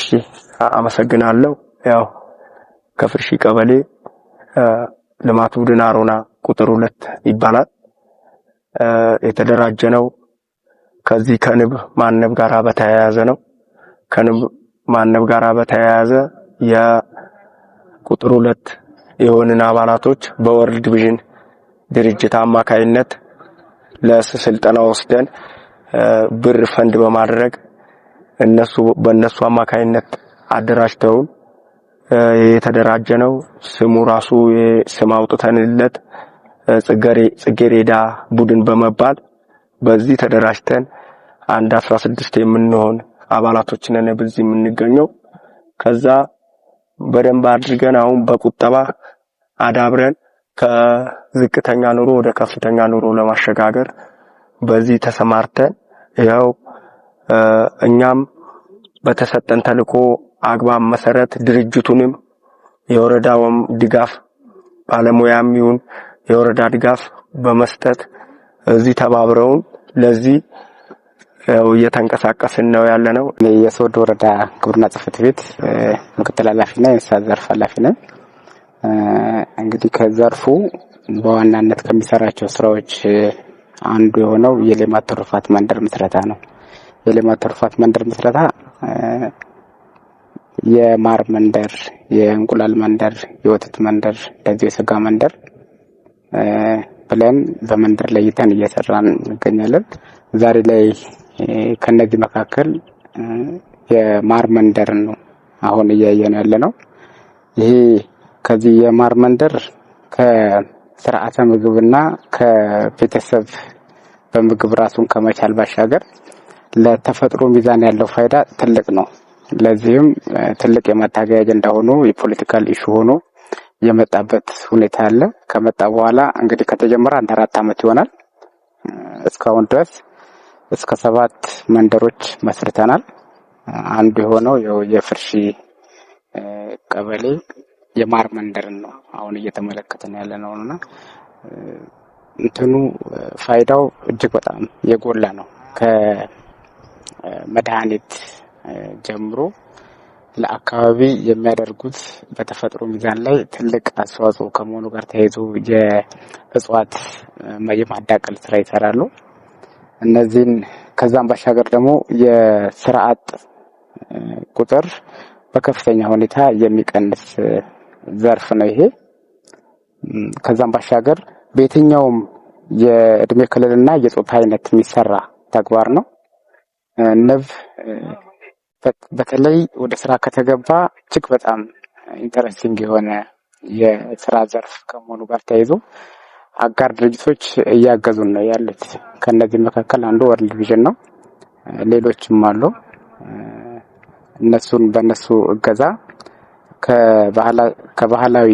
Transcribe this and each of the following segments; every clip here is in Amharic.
እሺ አመሰግናለሁ። ያው ከፍርሺ ቀበሌ ልማት ቡድን አሮና ቁጥር ሁለት ይባላል። የተደራጀ ነው። ከዚህ ከንብ ማነብ ጋር በተያያዘ ነው። ከንብ ማነብ ጋር በተያያዘ የቁጥር ሁለት የሆንን አባላቶች በወርልድ ቪዥን ድርጅት አማካይነት ለስልጠና ወስደን ብር ፈንድ በማድረግ እነሱ በእነሱ አማካይነት አደራጅተውን የተደራጀ ነው። ስሙ ራሱ ስም አውጥተንለት ጽጌሬዳ ቡድን በመባል በዚህ ተደራጅተን አንድ 16 የምንሆን አባላቶች ነን በዚህ የምንገኘው። ከዛ በደንብ አድርገን አሁን በቁጠባ አዳብረን ከዝቅተኛ ኑሮ ወደ ከፍተኛ ኑሮ ለማሸጋገር በዚህ ተሰማርተን ያው እኛም በተሰጠን ተልእኮ አግባብ መሰረት ድርጅቱንም የወረዳውም ድጋፍ ባለሙያም ይሁን የወረዳ ድጋፍ በመስጠት እዚህ ተባብረውን ለዚህ ያው እየተንቀሳቀስን ነው ያለ ነው። የሶዶ ወረዳ ግብርና ጽሕፈት ቤት ምክትል ኃላፊና የእንስሳት ዘርፍ ኃላፊ ነኝ። እንግዲህ ከዘርፉ በዋናነት ከሚሰራቸው ስራዎች አንዱ የሆነው የሌማት ትሩፋት መንደር ምስረታ ነው። የልማት ትሩፋት መንደር ምስረታ የማር መንደር፣ የእንቁላል መንደር፣ የወተት መንደር እንደዚሁ የስጋ መንደር ብለን በመንደር ለይተን እየሰራን እንገኛለን። ዛሬ ላይ ከነዚህ መካከል የማር መንደር ነው አሁን እያየን ያለ ነው። ይሄ ከዚህ የማር መንደር ከስርዓተ ምግብና ከቤተሰብ በምግብ ራሱን ከመቻል ባሻገር ለተፈጥሮ ሚዛን ያለው ፋይዳ ትልቅ ነው። ለዚህም ትልቅ የማታገያ አጀንዳ ሆኖ የፖለቲካል ኢሹ ሆኖ የመጣበት ሁኔታ አለ። ከመጣ በኋላ እንግዲህ ከተጀመረ አንድ አራት ዓመት ይሆናል። እስካሁን ድረስ እስከ ሰባት መንደሮች መስርተናል። አንዱ የሆነው የፍርሺ ቀበሌ የማር መንደርን ነው አሁን እየተመለከተን ያለ እና እንትኑ ፋይዳው እጅግ በጣም የጎላ ነው። መድኃኒት ጀምሮ ለአካባቢ የሚያደርጉት በተፈጥሮ ሚዛን ላይ ትልቅ አስተዋጽኦ ከመሆኑ ጋር ተያይዞ የእጽዋት የማዳቀል ስራ ይሰራሉ። እነዚህን ከዛም ባሻገር ደግሞ የስራ አጥ ቁጥር በከፍተኛ ሁኔታ የሚቀንስ ዘርፍ ነው ይሄ። ከዛም ባሻገር በየትኛውም የእድሜ ክልልና የጾታ አይነት የሚሰራ ተግባር ነው። ንብ በተለይ ወደ ስራ ከተገባ እጅግ በጣም ኢንተረስቲንግ የሆነ የስራ ዘርፍ ከመሆኑ ጋር ተያይዞ አጋር ድርጅቶች እያገዙን ነው ያሉት። ከእነዚህ መካከል አንዱ ወርልድ ቪዥን ነው። ሌሎችም አሉ። እነሱን በእነሱ እገዛ ከባህላዊ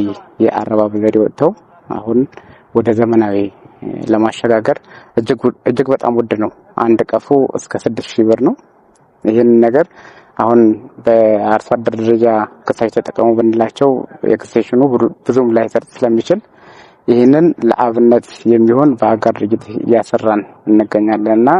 የአረባብ ዘዴ ወጥተው አሁን ወደ ዘመናዊ ለማሸጋገር እጅግ በጣም ውድ ነው። አንድ ቀፎ እስከ ስድስት ሺህ ብር ነው። ይህን ነገር አሁን በአርሶ አደር ደረጃ ክሳች ተጠቀሙ ብንላቸው የክሴሽኑ ብዙም ላይሰርጥ ስለሚችል ይህንን ለአብነት የሚሆን በአጋር ድርጅት እያሰራን እንገኛለን እና